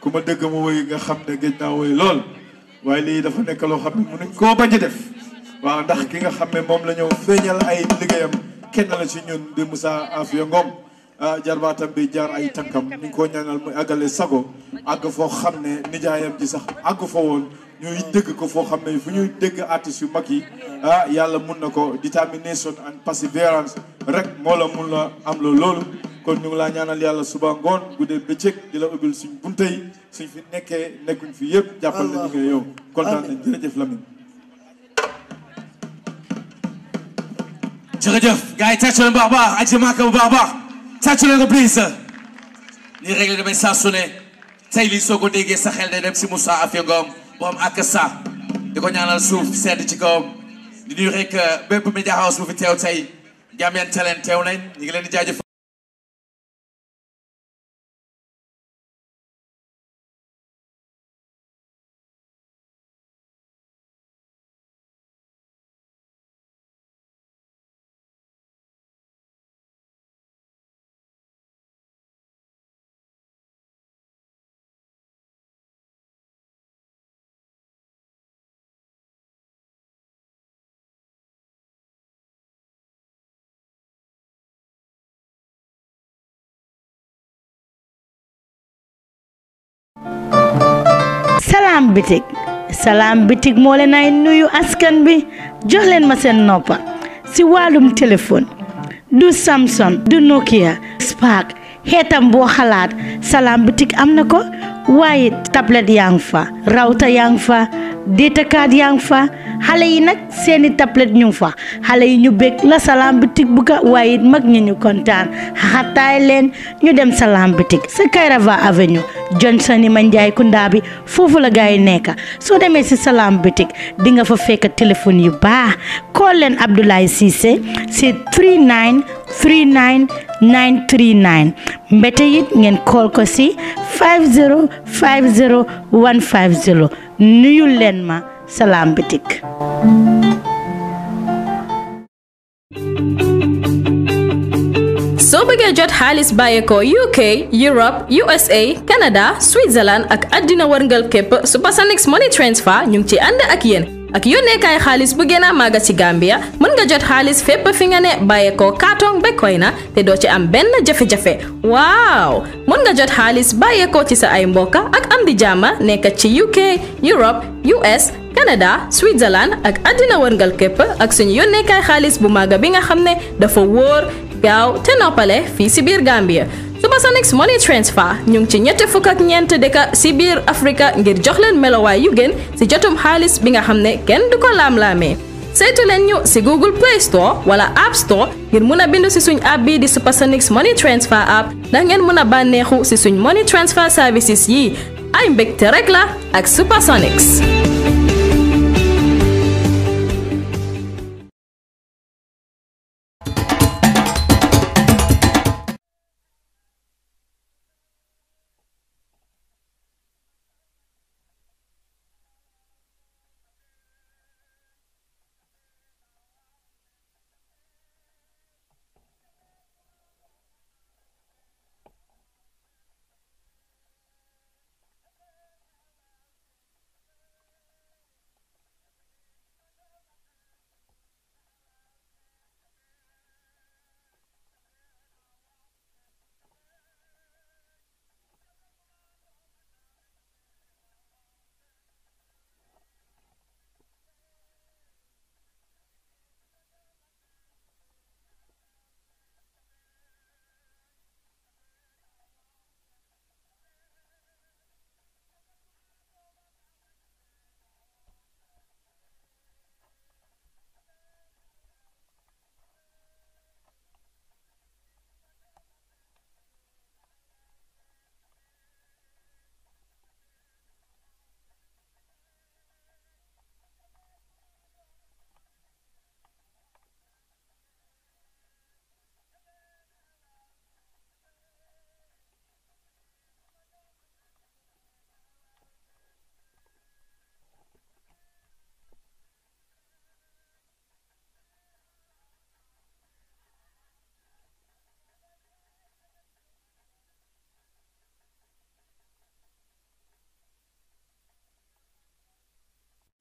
ku ma dëgg ma woy nga xam ne géej naa woy lool waaye lii dafa nekk loo xam ne mënuñ koo bañ def waaw ndax ki nga xam ne moom la ñëw feeñal ay liggéeyam kenn la ci ñun di Moussa Afia Ngom ah, jarbaatam bi jaar ay tankam ñu ngi ko ñaanal muy àggale sago àgg foo xam ne nijaayam ji sax àgg fa woon ñuy dégg ko foo xam ne fu ñuy dégg artistes yu mag yi ah yàlla mun na ko détermination and perseverance rek moo la mun la am la loolu kon ñu laa ñaanal yàlla suba ngoon guddee bëccëg di la suñ bunte suñ fi nekkuñ fi yëpp jàppal na ñu yow kontaan nañ jërëjëf Lamine jërëjëf gars yi tàccu leen a baax aji maaka a baax tàccu leen ko please nii rek la demee saa su ne tey lii soo ko déggee sa xel day dem si Moussa Afia Ngom moom ak sa di ko ñaanal suuf sedd ci kawam di nuyu rek euh, bépp média bu fi teew tey Gambian Talents teew nañ ñu ngi leen di jaajëf salaam bitik salaam bitik moo leen ay nuyu askan bi jox ma seen noppa si wàllum téléphone du samson du Nokia Spark xeetam boo xalaat salaam bitik am na ko waaye tablette yaa ngi fa rawta yaa ngi fa déetakaat yaa ngi fa xale yi nag seeni tablette ñu fa xale yi ñu bég la salaam bitik bu ka waaye mag ñi ñu kontaan xaxataay leen ñu dem salaam bitik sa Kairaba Avenue Johnson ma Njaay Kunda bi foofu la gaa yi nekk soo demee si salaam bitik di nga fa fekk téléphone yu baax call leen Abdoulaye Cissé c'est 39 39 939 mbete it ngeen call ko si 50 50 150 nuyul leen ma salaam bitik soo bëggee jot xaalis bàyyeekoo UK Europe USA Canada Switzerland ak addina wërngal képp su Pasanix Money Transfer ñu ngi ci ànd ak yéen ak yónneekaay xaalis bu gën a màgg ci Gambia mën nga jot xaalis fépp fi nga ne bàyyeekoo Kartong ba na te doo ci am benn jafe-jafe waaw mën nga jot xaalis bàyyeekoo ci sa ay mbokka ak am di jàmma nekk ci UK Europe US Canada Switzerland ak àddina wërngal képp ak suñu yónneekaay xaalis bu màgg bi nga xam ne dafa wóor gaaw te noppale fii si biir Gambia. Supersonics Money Transfer ñu ngi ci ñetti fukk ak ñeent dëkk si biir Afrika ngir jox leen melowaay yu gën si jotum xaalis bi nga xam ne kenn du ko laam-laamee saytu leen ñu si Google Play Store wala App Store ngir mun a bindu si suñ app bii di Supersonics Money Transfer app ndax ngeen mun a bànneexu si suñ money transfer services yi ay mbégte rek la ak Supersonics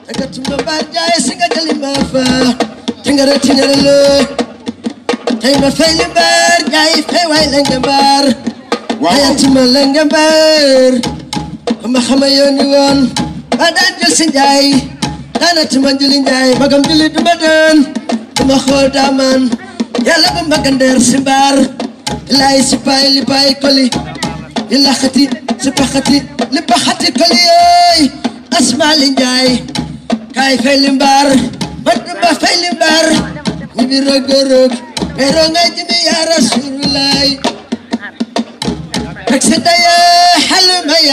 aka tumba barjaye singa galima fa tengara tinaralo tayma fayli bar jaye fay way lenga bar hayatima lenga bar ma xama yoni woon ba daan jël si njaay daana tuma juli njaay magam juli duma doon duma xool daaman yàlla ba mbagandeer si mbaar ilaay si paay li paay koli li laxati si paxati li paxati koli yooy asmaa li njaay kay feli mbar batu ba feli mbar ibi rogorog pero nga jimi ya rasulullah ak sa daya halmay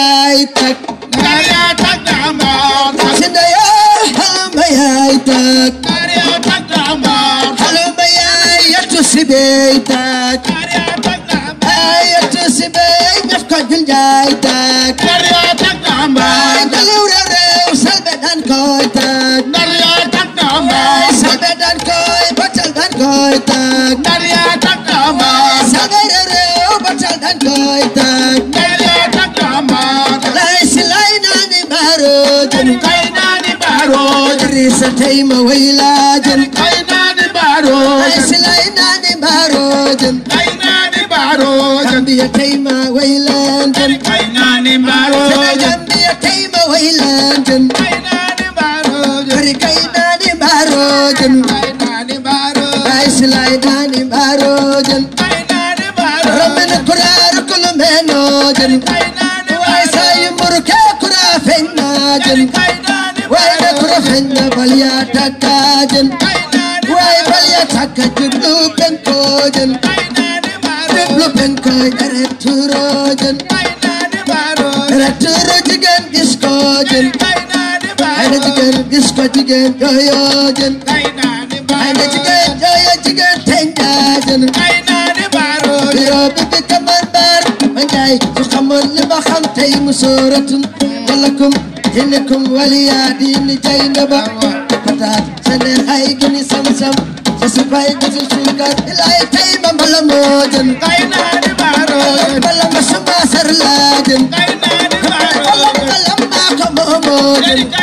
kai ma waila jin ai na ni baro ai silai na ni baro jin ai na ni baro jambiya kai ma waila jin ai na ni baro jambiya kai ma waila jin ai na ni baro kar kai na ni baro jin ai na ni baro ai silai na ni baro jin ai na ni baro ramen kurar kulmeno jin ai na ni baro ai sai murke kura fenna jin ai na ورفنا بليا تتاجن واي بليا تاكا جبلو بنكوجن جبلو بنكوي درت روجن درت روجن اسكوجن انا جيجن اسكو جيجن يوجن انا جيجن يو تنجاجن بيرو بار من جاي تخمر لبخم تي مسورة ولكم إنكم وليا دين جاي نبا كتاب سنة هاي جني سمسم سسباي جزء شوكا لا يتاي بملا موجن قاينا نبارون بلا مشما سرلاجن قاينا نبارون بلا ما كمو موجن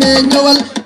me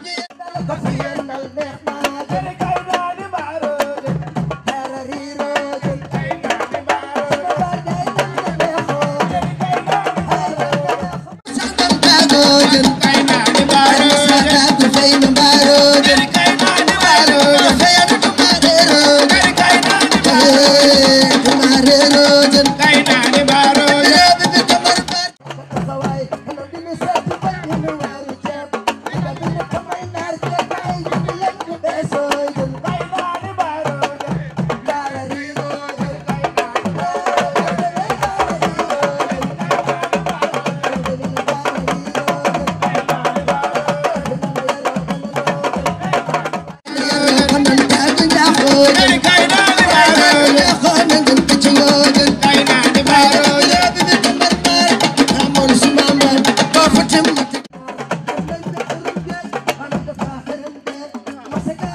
para secar.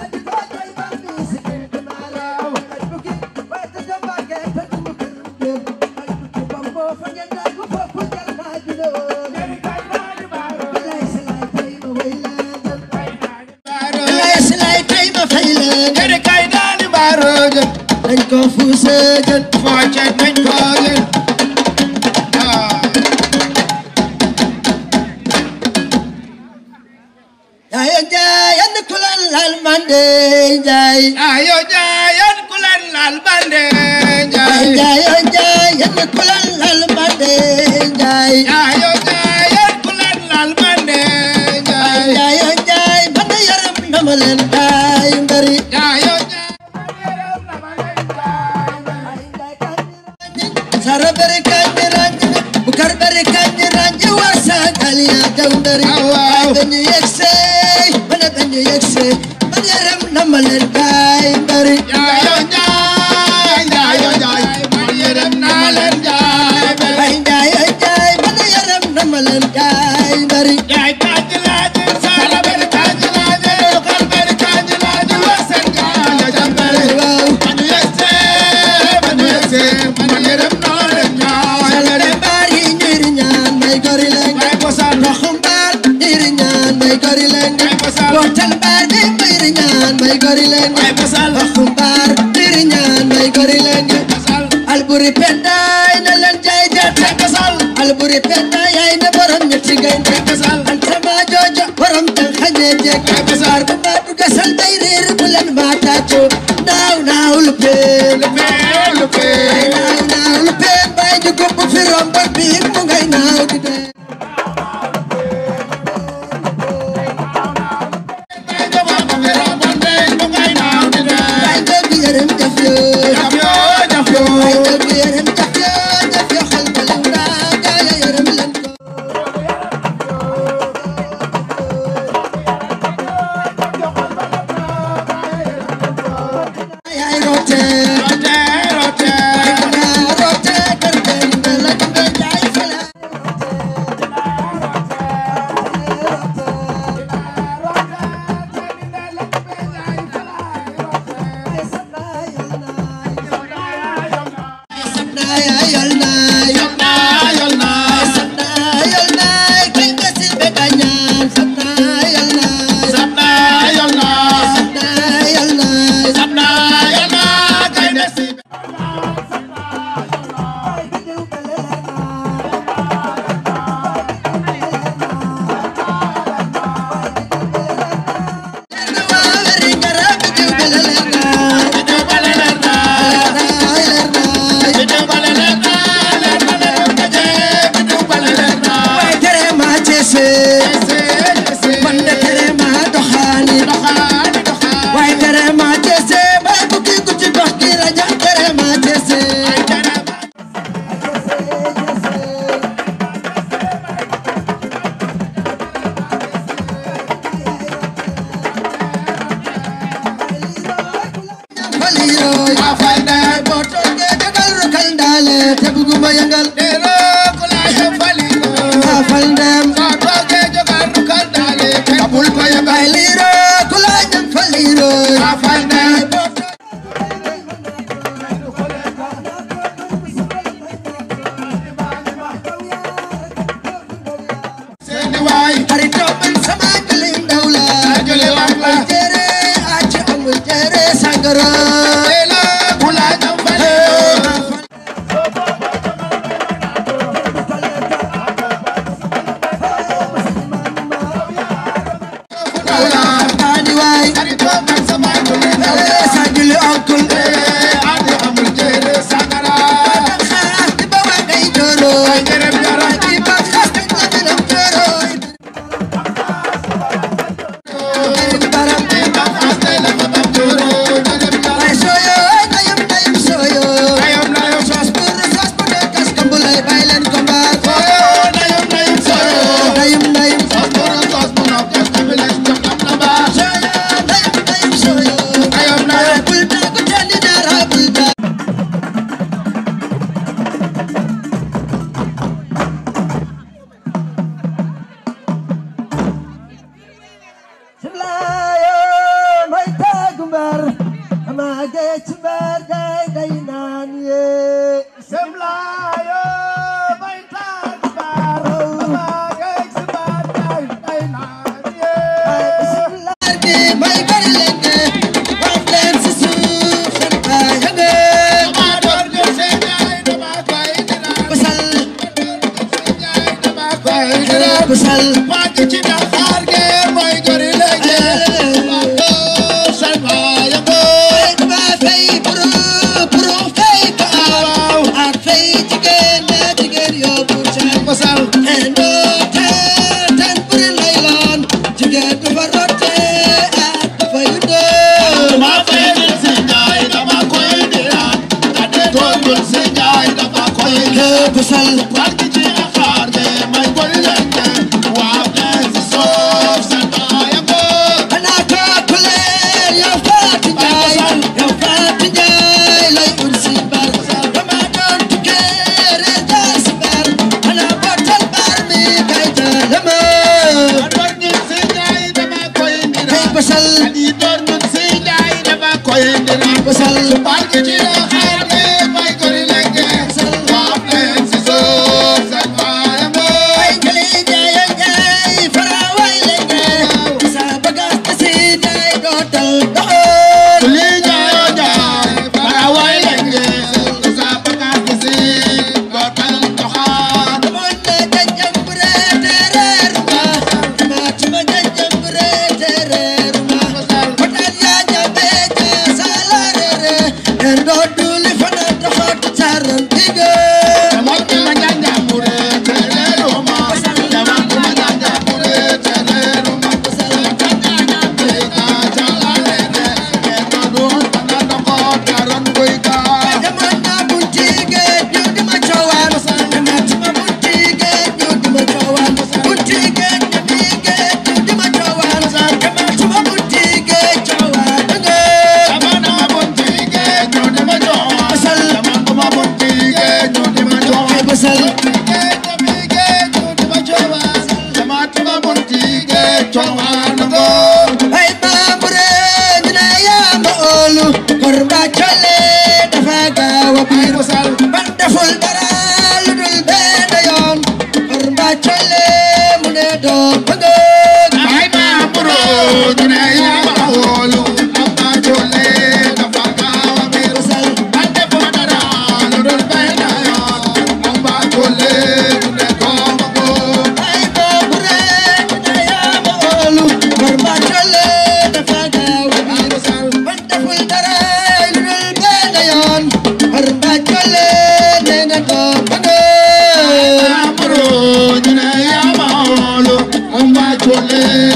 Yeah. may gori leen ñay basal waxu mbaar diri ñaan may gori leen ñay basal alburi pendaay na leen jay jat jojo borom tan jek ñay basal bu bay reer bu leen ma tàccu naaw naaw lu Bye.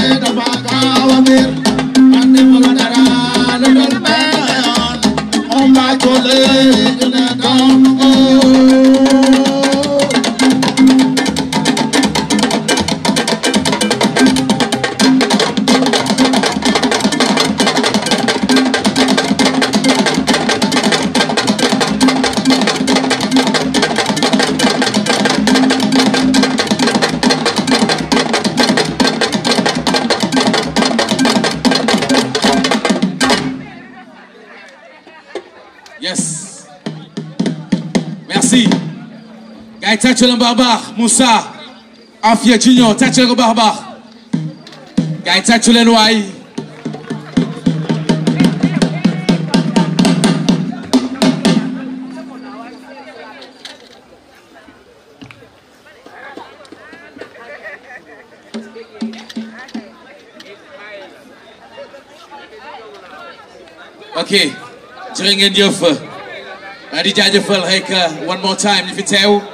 Thank you. Tachelem Barbar, Moussa, Afia Junior, Tachelem Barbar. Gagne ok jërë ngeen jëf one more time if you tell.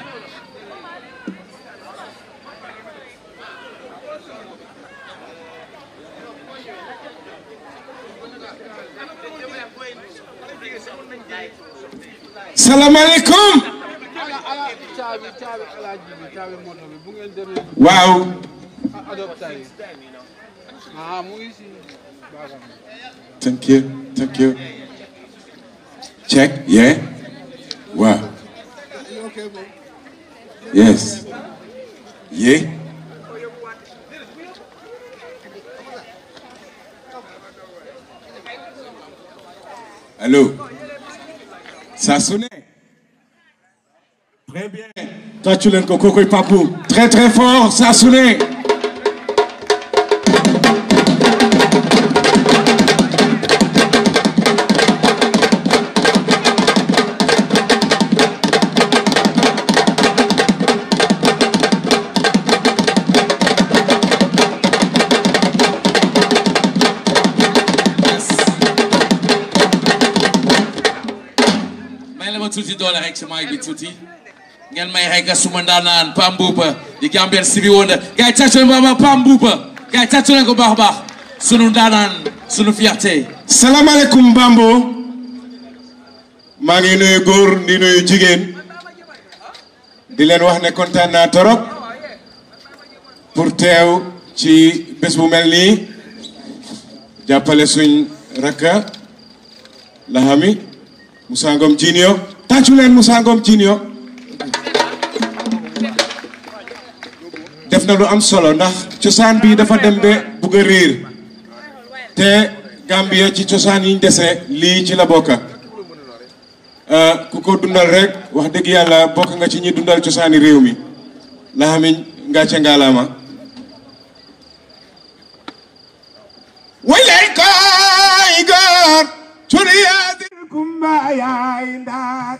Wow! thank you thank you check yeah Wow. yes yeah Hello. ça sonne Très bien. Toi tu l'as coco et papou. Très très fort, ça sonne. Mais elle est ma tout-déorée avec sa ngeen may hay ga suma ndaanaan Pape Mboupa si bi woon da gars yi càcc nañu ko Pape Mboupa gars yi baax a baax sunu ndaanaan sunu fierté. salaamaaleykum Bambo. maa ngi nuyu góor di nuyu jigéen. di leen wax ne kontaan naa torop pour teew ci bés bu mel nii jàppale suñ rakka laxami Moussa Ngom Junior tàccu leen Moussa Ngom Junior def na lu am solo ndax cosaan bi dafa dem ba bugg réer te Gambia ci cosaan yiñ dese lii ci la bokka euh, ku ko dundal rek wax dëgg yàlla bokk nga ci ñi dundal cosaani réew mi la xamiñ ngàcce ngaalaama waley koy góor curiyaati kumba yaay ndaat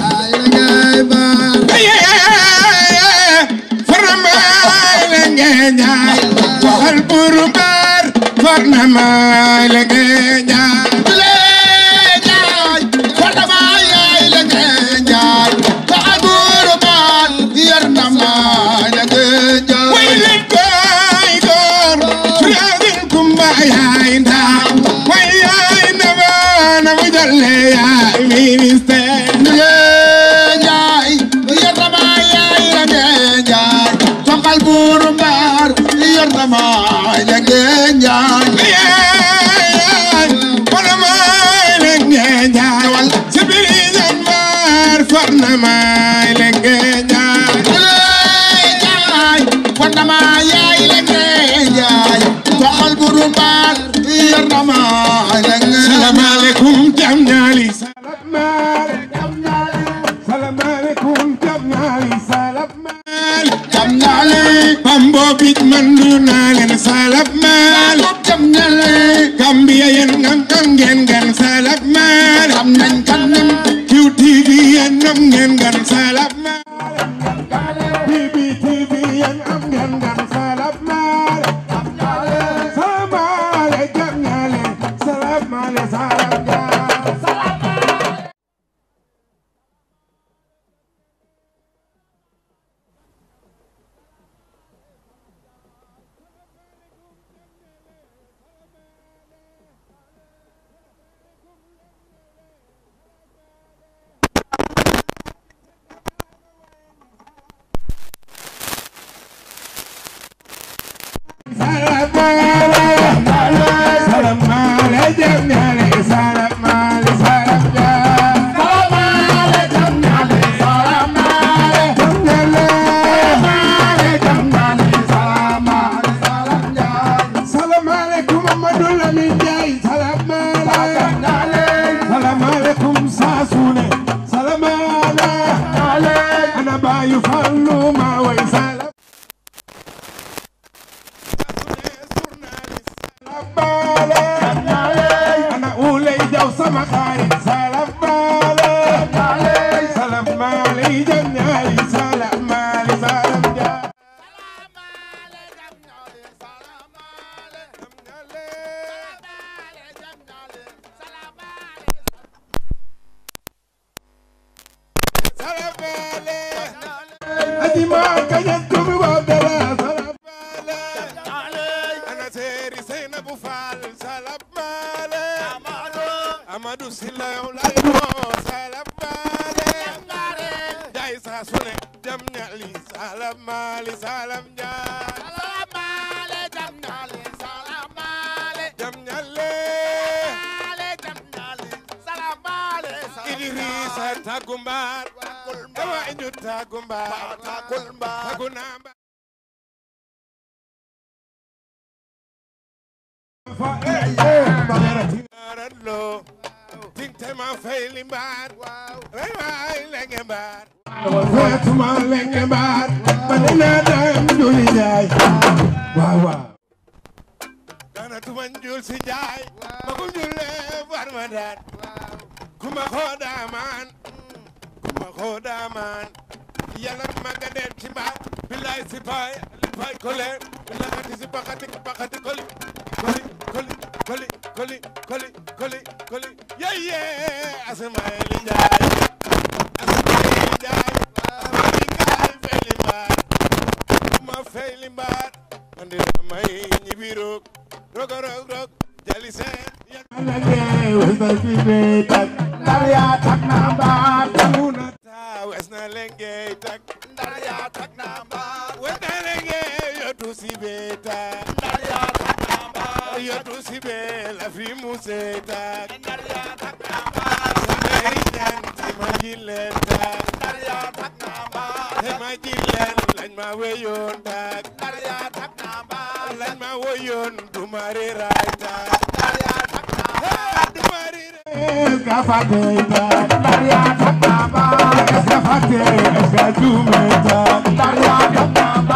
Indian get. That's gumba ma fay li mbaar ma kum julle yalam maga dem ci mbaar billaay si baay li baay kole laxati si baxati baxati koli koli koli koli koli koli koli koli yeye asamaeli njaay asamaeli njaay amari ngaay feli mbaar ma feli mbaar andi may ñibi roog roog roog roog jali seen yalla jeew sa si beetak nar yaa tak naa mbaar tak ndar yaa tak na mbaar wetele nge yotu sibe tak ndar yaa tak na mbaar yotu sibe la fi muse tak ndar yaa tak na mbaar wetele jan ti ma jillen tak ndar yaa tak na mbaar te ma jillen lañ ma weyoon tak ndar yaa tak na mbaar lañ ma weyoon du ma reeraay tak Maria,